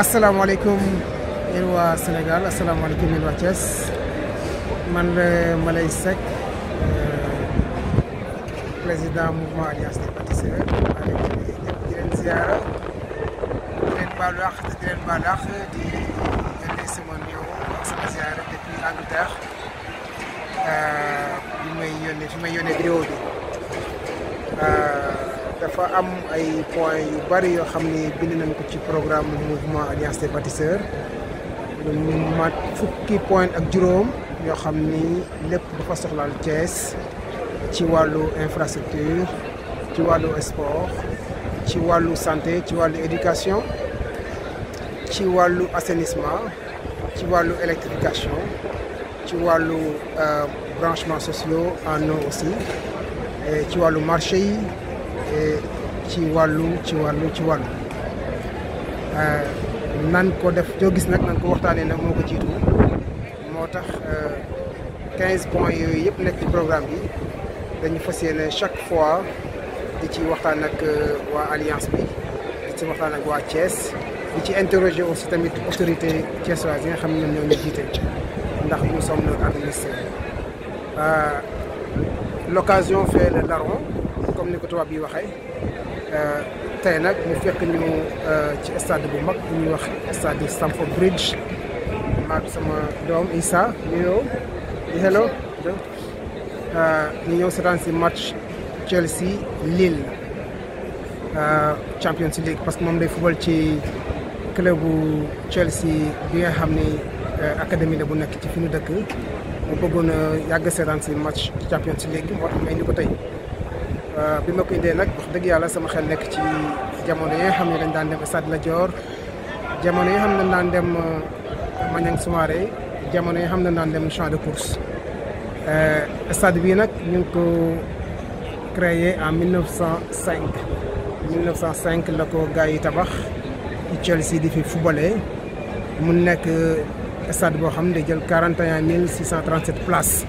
asalaamaaleykum yéen waa Sénégal asalaamaaleykum yéen waa Thiès man la Maleye Seck euh, président mouvement alliance des pâtissiers maa ngi leen di ñëpp di leen ziara di leen baalu àq di leen baalu àq di yónnee sama nuyoo ak sama ziara depuis Angleterre euh, bi may yónnee fi may yónnee vidéo bi. Euh, dafa am ay point yu bari yoo xam ni bind nañ ko ci programme mouvement alliance des bâtisseurs mu mat fukki point ak juróom yoo xam ni lépp dafa soxlaal Thiès ci wàllu infrastructure ci wàllu sport ci wàllu santé ci wàllu éducation ci wàllu assainissement ci wàllu électrification ci wàllu euh, branchement sociaux en eau aussi ci wàllu marché yi ci wàllu ci wàllu ci wàllu euh, nan ko def joo gis nag nan ko waxtaanee nag moo ko jiitu moo tax euh, quinze points yooyu yëpp nekk ci programme bi dañu fas yéene chaque fois di ci waxtaan ak euh, waa alliance bi di ci waxtaan ak waa Thiès di ci interroger aussi tamit autorité thiessoise yi nga xam ne ñoo ñu jiite ndax mu sommes nos administrés l'occasion fait le comme ni ko tubaab yi waxee euh, tey nag mu fekk ñu euh, ci stade bu mag ñuy wax stade Stamford Bridge maag sama doom Issa ñu ñëw di hello euh, ñu ñëw seetaan si match Chelsea Lille Champions League parce que moom day football ci club bu Chelsea bi nga xam ni académie la bu nekk ci fi ñu dëkk mu bëggoon a yàgg seetaan si match Champions League moo tax may ni ko tey Euh, bi ma ko indee nag wax dëgg yàlla sama xel nekk ci jamono yi nga xam ne dañ daan dem stade Lat jamono yi xam ne dañ daan dem euh, Maniang Soumaré jamono yi xam ne dañ daan dem champ de course euh, stade bii nag ñu ko créé en 1905 1905 la ko gars yi tabax Chelsea di fi footballé mu nekk stade boo xam ne day jël 41 637 places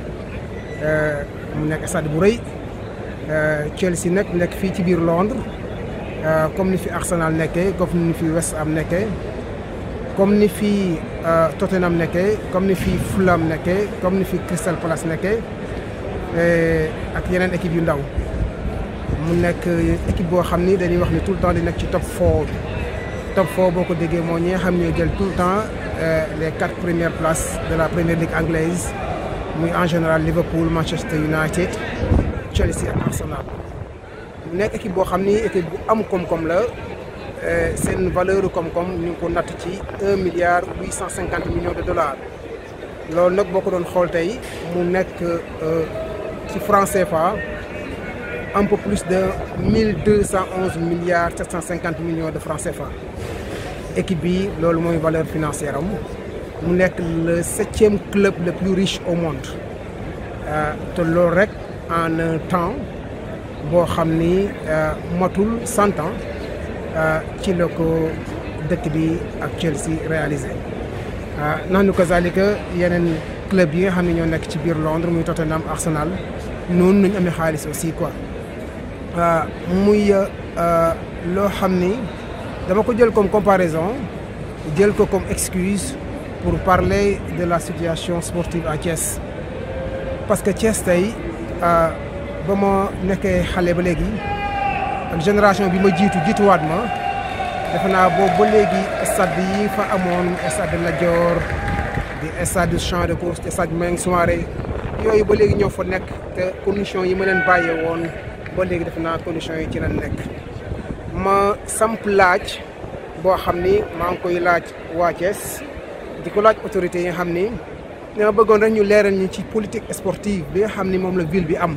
mu nekk stade bu rëy. Euh, Chelsea nag nekk fii ci biir Londres euh, comme ni fi Arsenal nekkee comme ni fi West am nekkee comme ni fi euh, Tottenham nekkee comme ni fi Fulham nekkee comme ni fi Crystal Palace nekkee ak yeneen équipe yu ndaw mu nekk équipe boo xam ni dañuy wax ni tout le temps di nekk ci top foo bi top boo ko déggee moo ñi nga xam ñooy jël tout le temps les quatre premières places de la première ligue anglaise muy en général Liverpool Manchester United Chelsea si Arsenal mu nekk équipe boo xam ni équipe bu am koom-koom la euh, seen valeur koom-koom ñu ko natt ci un milliard huit cent cinquante millions de dollars loolu nag boo ko doon xool tey mu nekk euh, ci franc CFA un peu plus de mille deux cent onze milliards sept cent cinquante millions de franc CFA équipe bi loolu mooy valeur financière am mu nekk le septième club le plus riche au monde euh, te loolu rek. en un temps boo xam ni euh, matul cent ans euh, ci la ko dëkk bi ak Chelsea réalisé euh, naanu kazalika yeneen club yi nga xam ne ñoo nekk ci biir Londres muy Tottenham Arsenal noonu nañ amee xaalis aussi quoi muy loo xam ni dama ko jël comme comparaison jël ko comme excuse pour parler de la situation sportive à Thiès parce que Thiès tey ba ma nekkee xale ba léegi ak génération bi ma jiitu jiituwaat ma defe naa boobu ba léegi stade yi fa amoon stade Lat Dior di stade du champ de course di stade Meng Soumaré yooyu ba léegi ñoo fa nekk te condition yi ma leen bàyyee woon ba léegi defe naa condition yi ci la nekk ma samp laaj boo xam ni maa ngi koy laaj waa Thiès di ko laaj autorité yi nga xam ni dama bëggoon rek ñu leeral ñu ci politique sportive bi nga xam ni moom la ville bi am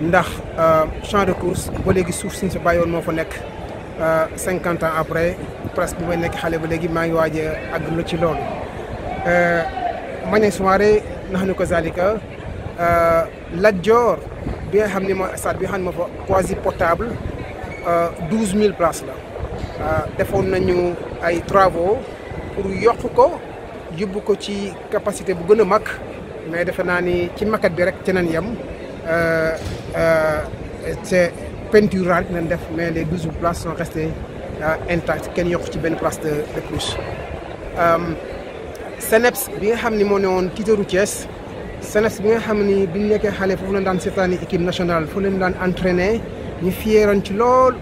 ndax euh, champ de course ba léegi suuf si ñu si bàyyoon moo fa nekk euh, cinquante ans après presque bu may nekk xale ba léegi maa ngi waaj a àgg ci loolu. Euh, Mañe Soumaré nax ni ko zalika Lat Dior bi nga xam ni mooy stade bi nga xam ne moo fa quasi potable douze mille place la defoon nañu ay travaux pour yokk ko. yóbbu ko ci capacité bu gën a mag mais defe naa ni ci maquette bi rek ci nañ yem euh, euh, c'est peinture rek nañ def mais les douze places sont restées euh, intactes kenn yokk ci benn place de de Seneps bi nga xam ni moo ne woon tiitaru Thiès Seneps bi nga xam ni bi ñu nekkee xale foofu lañ daan seetaani équipe nationale foofu lañ daan entraîner ñu fiyeeroon ci lool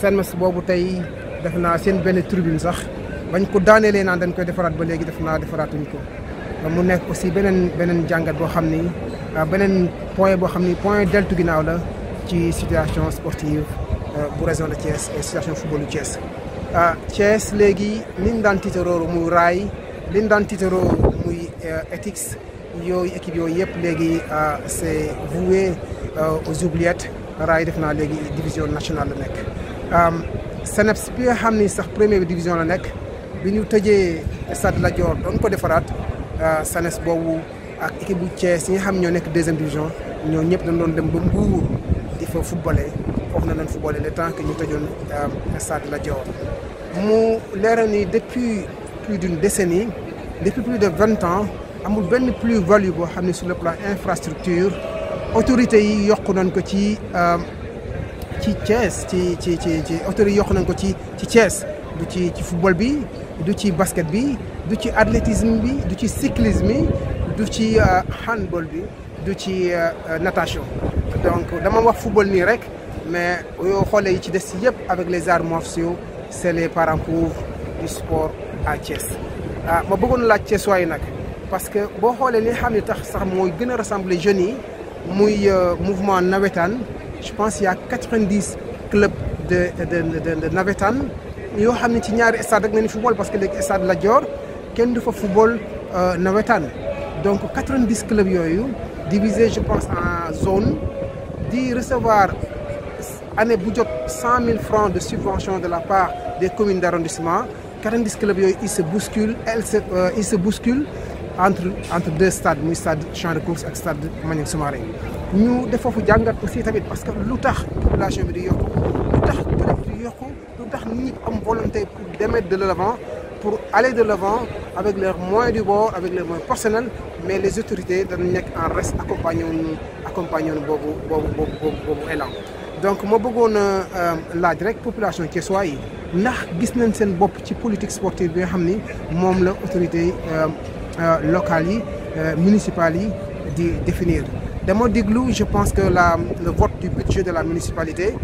Seneps boobu tey def naa seen benn tribune sax. bañ ko daanelee naan dañ koy defaraat ba léegi def naa defaraatuñ ko mu nekk aussi beneen beneen jàngat boo xam ni euh, beneen point boo xam ni point deltu ginnaaw la ci situation sportive euh, bu région de Thiès et situation footballu Thiès. Euh, Thiès léegi li ñu daan tiitaroo muy raay li daan tiitaroo muy éthique yooyu équipe yooyu yëpp léegi c' est voué aux oubliettes raay def naa léegi division nationale la nekk. Seneps bi nga xam ni sax premier division la nekk. bi ñu tëjee stade Lat Dior doon ko defaraat euh, sanes boobu ak équipe bu Thiès yi nga xam ñoo nekk deuxième division ñoo ñëpp dañ doon dem ba Mbuur di fa footballé foofu na doon footballé le temps que ñu tëjoon euh, stade Lat Dior mu leeral ni depuis plus d'une décennie depuis plus de vingt ans amul benn plus value boo xam ne sur le plan infrastructure autorités euh, yi yokku nañ ko ci ci Thiès ci ci ci ci autorités yi yokk nañ ko ci ci Thiès du ci ci football bi du ci basket bi du ci athlétisme bi du ci cyclisme bi du ci euh, handball bi du ci euh, euh, natation donc dama wax football nii rek mais yoo xoolee ci des yëpp avec les arts martiaux c'est les parents pauvres du sport a Thiès ah ma bëggoon laaj Thiès waaye nag parce que boo xoolee ni xam ni tax sax mooy gën a rassembler jeunes yi muy mouvement nawetaan je pense il y a quatre-vingt-dix clubs de de de de yoo xam ne ci ñaari stade rek nañu football parce que léegi stade Lat Dior kenn du fa football euh, nawetaan donc 90 clubs yooyu divisé je pense en zone di recevoir année bu jot 100 000 francs de subvention de la part des communes d'arrondissement 90 clubs yooyu ils yooyu bousculent elles se euh, ils se bousculent entre entre deux stades muy stade champ de course ak stade Maniang Soumaré ñu def foofu jàngat aussi tamit parce que lu tax population bi di yokk. volonté pour démettre de l'avant, pour aller de l'avant avec leurs moyens du bord, avec leurs moyens personnels, mais les autorités en reste accompagnons-nous, accompagnons Bobo Elan. Donc, moi, je la directe population ci soi ici, ndax gis nañ seen bopp ci politique sportive bi nga xam ni moom la autorité euh, euh, locales yi euh, municipales yi di définir dama déglu je pense que la le vote du budget de la municipalité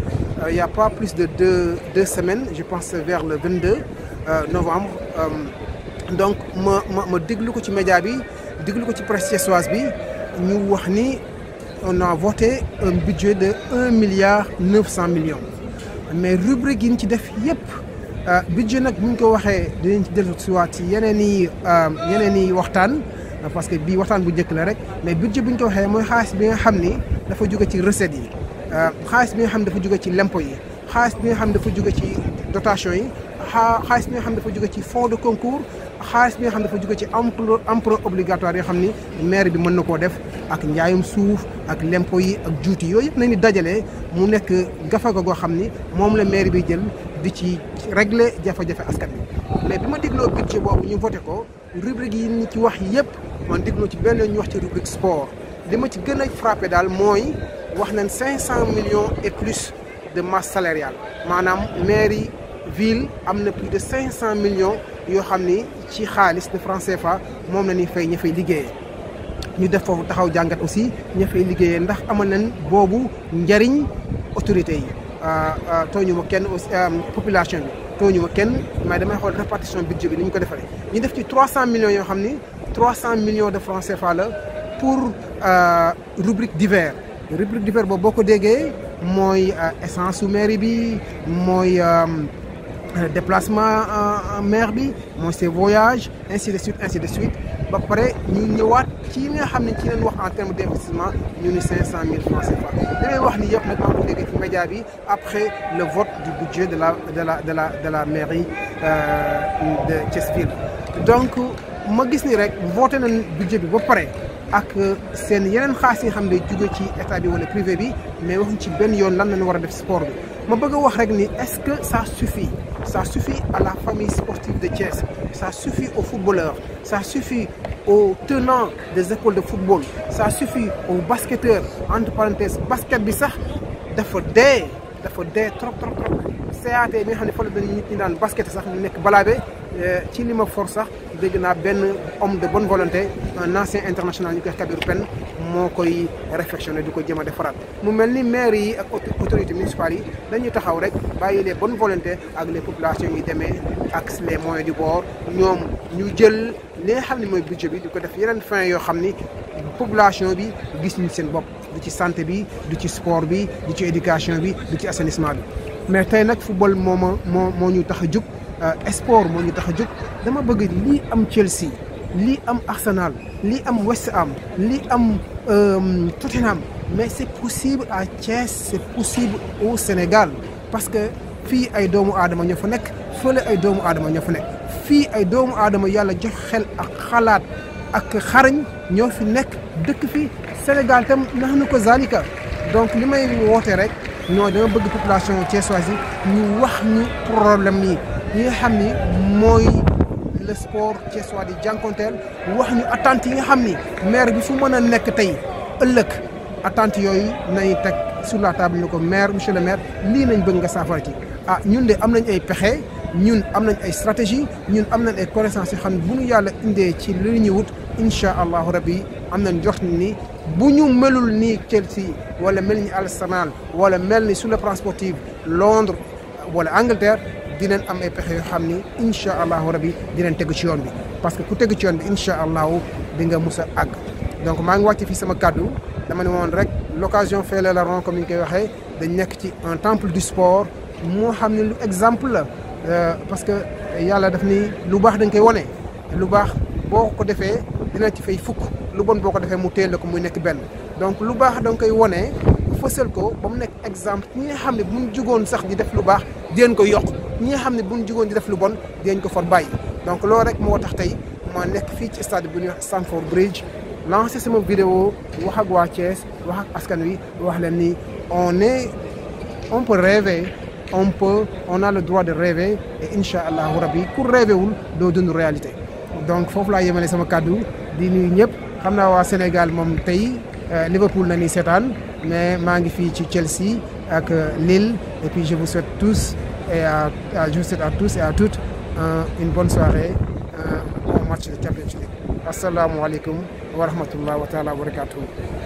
Euh, il n'y a pas plus de deux, deux semaines je pense vers le 22 euh, novembre euh, donc ma ma ma déglu ko ci média bi déglu ko ci presse thiessoise bi ñu wax ni on a voté un budget de un milliard neuf cent millions mais rubrique yi ñu ci def yépp budget nag bu ko waxee dinañ ci dellu si yeneen i yeneen i waxtaan parce que bii waxtaan bu njëkk la rek mais budget bu ñu ko waxee mooy xaalis bi nga xam ni dafa jóge ci recettes yi. Euh, xaalis bi nga xam dafa jóge ci lempo yi xaalis bi nga xam dafa jóge ci dotation yi xaalis bi nga xam dafa jóge ci fonds de concours xaalis bi nga xam dafa jóge ci emprunt obligatoire yoo xam ni maire bi mën na koo def ak njaayum suuf ak lempo yi ak juuti yooyu yëpp nañu dajale mu nekk gafaga goo xam ni moom la maire bi jël di ci régler jafe-jafe askan bi mais bi ma ci budget boobu ñu voté ko rubrique yi ñu ci wax yëpp man dégloo ci benn ñu wax ci rubrique sport li ma ci gën a frappé daal mooy wax nañ cinq cent millions et plus de masse salariale maanaam mairie ville am na plus de cinq cent millions yoo xam ni ci xaalis de franc fa moom la ñuy fay ña fay liggéeyee ñu def foofu taxaw jàngat aussi ña fay liggéeyee ndax amal nañ boobu njariñ autorité yi ah, ah, tooñu ma kenn aussi population bi tooñu ma kenn mais damay xool répartition budget bi ni ñu ko defaree ñu def ci trois cent millions yoo xam ni trois cent millions de franc CFA la pour ah, rubrique divers rubrique diffère boobu boo ko déggee mooy euh, essence su mairie bi mooy euh, euh, déplacement maire bi mooy ses voyages ainsi de suite ainsi de suite ba pare ñu ñëwaat ci li nga xam ne ci leen wax en terme d' investissement ñu ni cinq cent mille francs CFA li may wax ni yëpp nag maa ko déggee ci média bi après le vote du budget de la de la de la de la mairie de Thiès Ville donc ma gis ni rek voté nañ budget bi ba pare ak seen yeneen xaas yi xam ne jóge ci état bi wala privé bi mais wax waxuñ ci benn yoon lan lañu war a def sport bi ma bëgg a wax rek ni est-ce que ça suffit sa suffit à la famille sportive de Thiès ça suffit aux footballeurs ça suffit aux tenants des écoles de football ça suffit aux basketteurs entre parenthèses basket bi sax dafa dee dafa dee trop trop trop CAT bi xam ne fa la dañu nit ñi daan basket sax mu nekk balaabe eh, ci li ma for sax dégg naa benn homme de bonne volonté un ancien international ñu koy Kabirou Pen moo koy réflexionné di ko jéem a defaraat mu mel ni maire yi ak autorité municipale yi dañuy taxaw rek bàyyi lee bonnes volontés ak les populations yi demee ak les moyens du bord ñoom ñu jël li xam ne mooy budget bi di ko def yeneen fin yoo xam ni population bi gis ñu seen bopp du ci santé bi du ci sport bi du ci éducation bi du ci assainissement bi mais tey nag football moo ma moo moo ñu tax a jug euh, sport moo ñu tax a jug dama bëgg lii am Chelsea lii am Arsenal lii am West am lii am euh, Tottenham mais c'est possible à Thiès c'est possible au Sénégal parce que fii ay doomu aadama ñoo fa nekk fële ay doomu aadama ñoo fa nekk fii ay doomu aadama yàlla jox xel ak xalaat ak xarañ ñoo fi nekk dëkk fi Sénégal tam nax na ko zalika donc li may woote rek ñoo dama bëgg population thiessoise yi ñu wax ñu problème yi ñi xam ni mooy le sport Thiessois di jànkonteel wax ñu attentes yi nga xam ni maire bi fu mën a nekk tey ëllëg attentes yooyu nañu teg su la table ni ko maire monsieur le maire lii nañ bëgg nga saafara ci ah ñun de am nañ ay pexe ñun am nañ ay stratégie ñun am nañ ay connaissances yoo xam ne bu ñu yàlla indee ci li ñu wut incha allahu rabbi am nañ jox ni bu ñu melul nii Chelsea wala mel ni Arsenal wala mel ni sur le plan sportif Londres wala Angleterre. dinañ am ay pexe yoo xam ni incha allahu rabi dinañ tegu ci yoon bi parce que ku tegu ci yoon bi incha allahu di nga mus a àgg donc maa ngi wàcc fii sama kàddu dama ne woon rek l'occasion fait le larron comme ni koy waxee dañ nekk ci un temple du sport moo xam ne lu exemple la euh, parce que yàlla daf ni lu baax dañ koy wone lu baax boo ko defee dina ci fay fukk lu bon boo ko defee mu teel ko muy nekk benn donc lu baax danga koy wone fësal ko ba mu nekk exemple ñi nga xam ne bu mu jugoon sax di def lu baax deen ko yokk ñi nga xam ne bu ñu jugoon di def lu bon dinañ ko for bàyyi donc loolu rek moo tax tey ma nekk fii ci stade bu ñuy wax Stamford Bridge lancé sama vidéo wax ak waa Thiès wax ak askan wi wax leen ni on est on peut rêver on peut on a le droit de rêver et incha allahu rabbi ku rêvé wul doo dund réalité donc foofu laa yemale sama kaddu di nuyu ñëpp xam naa waa Sénégal moom tey euh, Liverpool na ni seetaan mais maa ngi fii ci Chelsea ak euh, Lille et puis je vous souhaite tous et à, à je vous souhaite à tous et à toutes euh, une bonne soirée euh, au match de Champions League. Assalamu alaikum wa rahmatullahi wa ta'ala wa barakatuh.